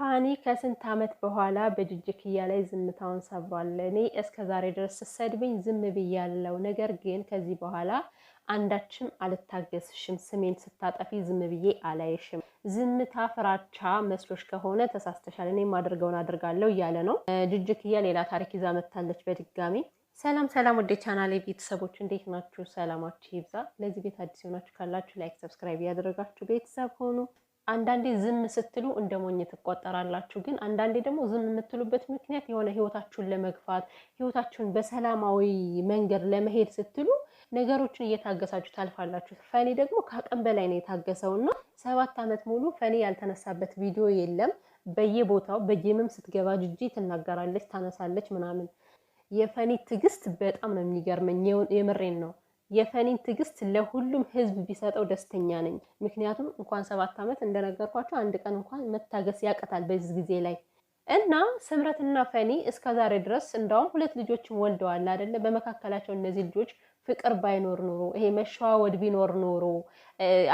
ፋኒ ከስንት ዓመት በኋላ በጅጅክያ ላይ ዝምታውን ሰብሯል። እኔ እስከ ዛሬ ድረስ ስትሰድብኝ ዝም ብያለው፣ ነገር ግን ከዚህ በኋላ አንዳችም አልታገስሽም። ስሜን ስታጠፊ ዝም ብዬ አላይሽም። ዝምታ ፍራቻ መስሎች ከሆነ ተሳስተሻል። እኔ ማድርገውን አድርጋለሁ እያለ ነው። ጅጅክያ ሌላ ታሪክ ይዛ መታለች በድጋሚ። ሰላም ሰላም፣ ወደ ቻናሌ ቤተሰቦች እንዴት ናችሁ? ሰላማችሁ ይብዛ። ለዚህ ቤት አዲስ የሆናችሁ ካላችሁ ላይክ፣ ሰብስክራይብ እያደረጋችሁ ቤተሰብ ሆኑ። አንዳንዴ ዝም ስትሉ እንደ ሞኝ ትቆጠራላችሁ። ግን አንዳንዴ ደግሞ ዝም የምትሉበት ምክንያት የሆነ ህይወታችሁን ለመግፋት ህይወታችሁን በሰላማዊ መንገድ ለመሄድ ስትሉ ነገሮችን እየታገሳችሁ ታልፋላችሁ። ፈኒ ደግሞ ከአቅም በላይ ነው የታገሰው እና ሰባት ዓመት ሙሉ ፈኒ ያልተነሳበት ቪዲዮ የለም። በየቦታው በጌምም ስትገባ ጅጂ ትናገራለች፣ ታነሳለች ምናምን። የፈኒ ትዕግስት በጣም ነው የሚገርመኝ። የምሬን ነው። የፈኒን ትዕግስት ለሁሉም ህዝብ ቢሰጠው ደስተኛ ነኝ። ምክንያቱም እንኳን ሰባት ዓመት እንደነገርኳቸው አንድ ቀን እንኳን መታገስ ያቀታል በዚህ ጊዜ ላይ እና ስምረትና ፈኒ እስከ ዛሬ ድረስ እንዳውም ሁለት ልጆችን ወልደዋል አይደለ? በመካከላቸው እነዚህ ልጆች ፍቅር ባይኖር ኖሮ ይሄ መሸዋወድ ቢኖር ኖሮ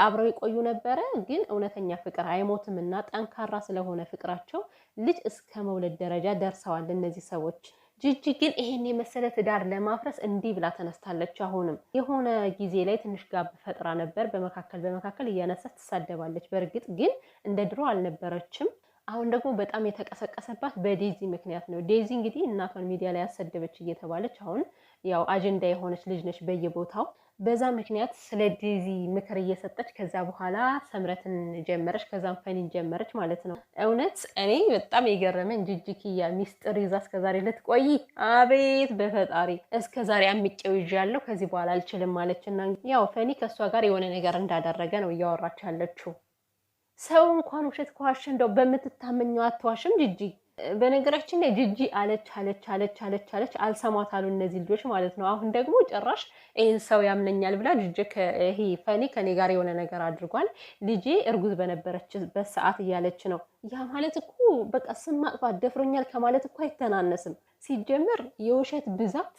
አብረው የቆዩ ነበረ። ግን እውነተኛ ፍቅር አይሞትም እና ጠንካራ ስለሆነ ፍቅራቸው ልጅ እስከ መውለድ ደረጃ ደርሰዋል እነዚህ ሰዎች። ጂጂ ግን ይሄን የመሰለ ትዳር ለማፍረስ እንዲህ ብላ ተነስታለች። አሁንም የሆነ ጊዜ ላይ ትንሽ ጋብ ፈጥራ ነበር። በመካከል በመካከል እያነሳት ትሳደባለች። በእርግጥ ግን እንደ ድሮ አልነበረችም። አሁን ደግሞ በጣም የተቀሰቀሰባት በዴዚ ምክንያት ነው። ዴዚ እንግዲህ እናቷን ሚዲያ ላይ ያሰደበች እየተባለች አሁን ያው አጀንዳ የሆነች ልጅ ነች በየቦታው በዛ ምክንያት ስለ ዴዚ ምክር እየሰጠች ከዛ በኋላ ሰምረትን ጀመረች፣ ከዛም ፈኒን ጀመረች ማለት ነው። እውነት እኔ በጣም የገረመን ጅጅኪያ ሚስጥር ይዛ እስከዛሬ ልትቆይ አቤት በፈጣሪ እስከዛሬ አምቄው ይዣለሁ ከዚህ በኋላ አልችልም ማለችና ያው ፈኒ ከእሷ ጋር የሆነ ነገር እንዳደረገ ነው እያወራች ያለችው። ሰው እንኳን ውሸት ከዋሽ እንደው በምትታመኘው አትዋሽም ጅጂ በነገራችን ላይ ጅጂ አለች አለች አለች አለች አለች አልሰማት አሉ እነዚህ ልጆች ማለት ነው። አሁን ደግሞ ጭራሽ ይህን ሰው ያምነኛል ብላ ጅጂ ይሄ ፈኒ ከኔ ጋር የሆነ ነገር አድርጓል ልጄ እርጉዝ በነበረችበት ሰዓት እያለች ነው። ያ ማለት እኮ በቃ ስም ማጥፋት ደፍሮኛል ከማለት እኮ አይተናነስም። ሲጀምር የውሸት ብዛት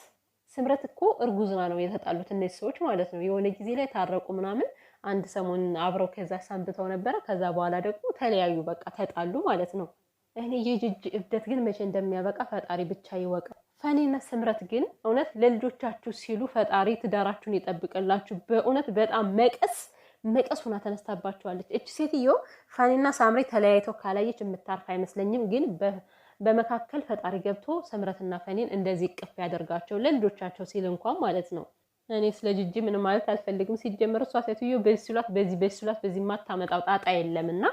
ስምረት እኮ እርጉዝና ነው የተጣሉት እነዚህ ሰዎች ማለት ነው። የሆነ ጊዜ ላይ ታረቁ ምናምን አንድ ሰሞን አብረው ከዛ ሰንብተው ነበረ። ከዛ በኋላ ደግሞ ተለያዩ፣ በቃ ተጣሉ ማለት ነው። እኔ የጅጅ እብደት ግን መቼ እንደሚያበቃ ፈጣሪ ብቻ ይወቃል። ፈኒና ስምረት ግን እውነት ለልጆቻችሁ ሲሉ ፈጣሪ ትዳራችሁን ይጠብቅላችሁ። በእውነት በጣም መቀስ መቀስ ሆና ተነስታባቸዋለች። እች ሴትዮ ፈኒና ሳምሪ ተለያይተው ካላየች የምታርፍ አይመስለኝም። ግን በመካከል ፈጣሪ ገብቶ ስምረትና ፈኒን እንደዚህ ቅፍ ያደርጋቸው ለልጆቻቸው ሲል እንኳን ማለት ነው። እኔ ስለ ጅጅ ምን ማለት አልፈልግም። ሲጀመር እሷ ሴትዮ በዚህ ሲሏት በዚህ በዚህ ሲሏት በዚህ ማታመጣው ጣጣ የለም እና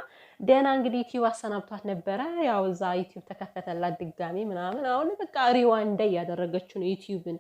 ደህና እንግዲህ ዩቲዩብ አሰናብቷት ነበረ። ያው እዛ ዩቲዩብ ተከፈተላት ድጋሜ ምናምን። አሁን በቃ ሪዋንዳ እያደረገችው ነው ዩቲዩብን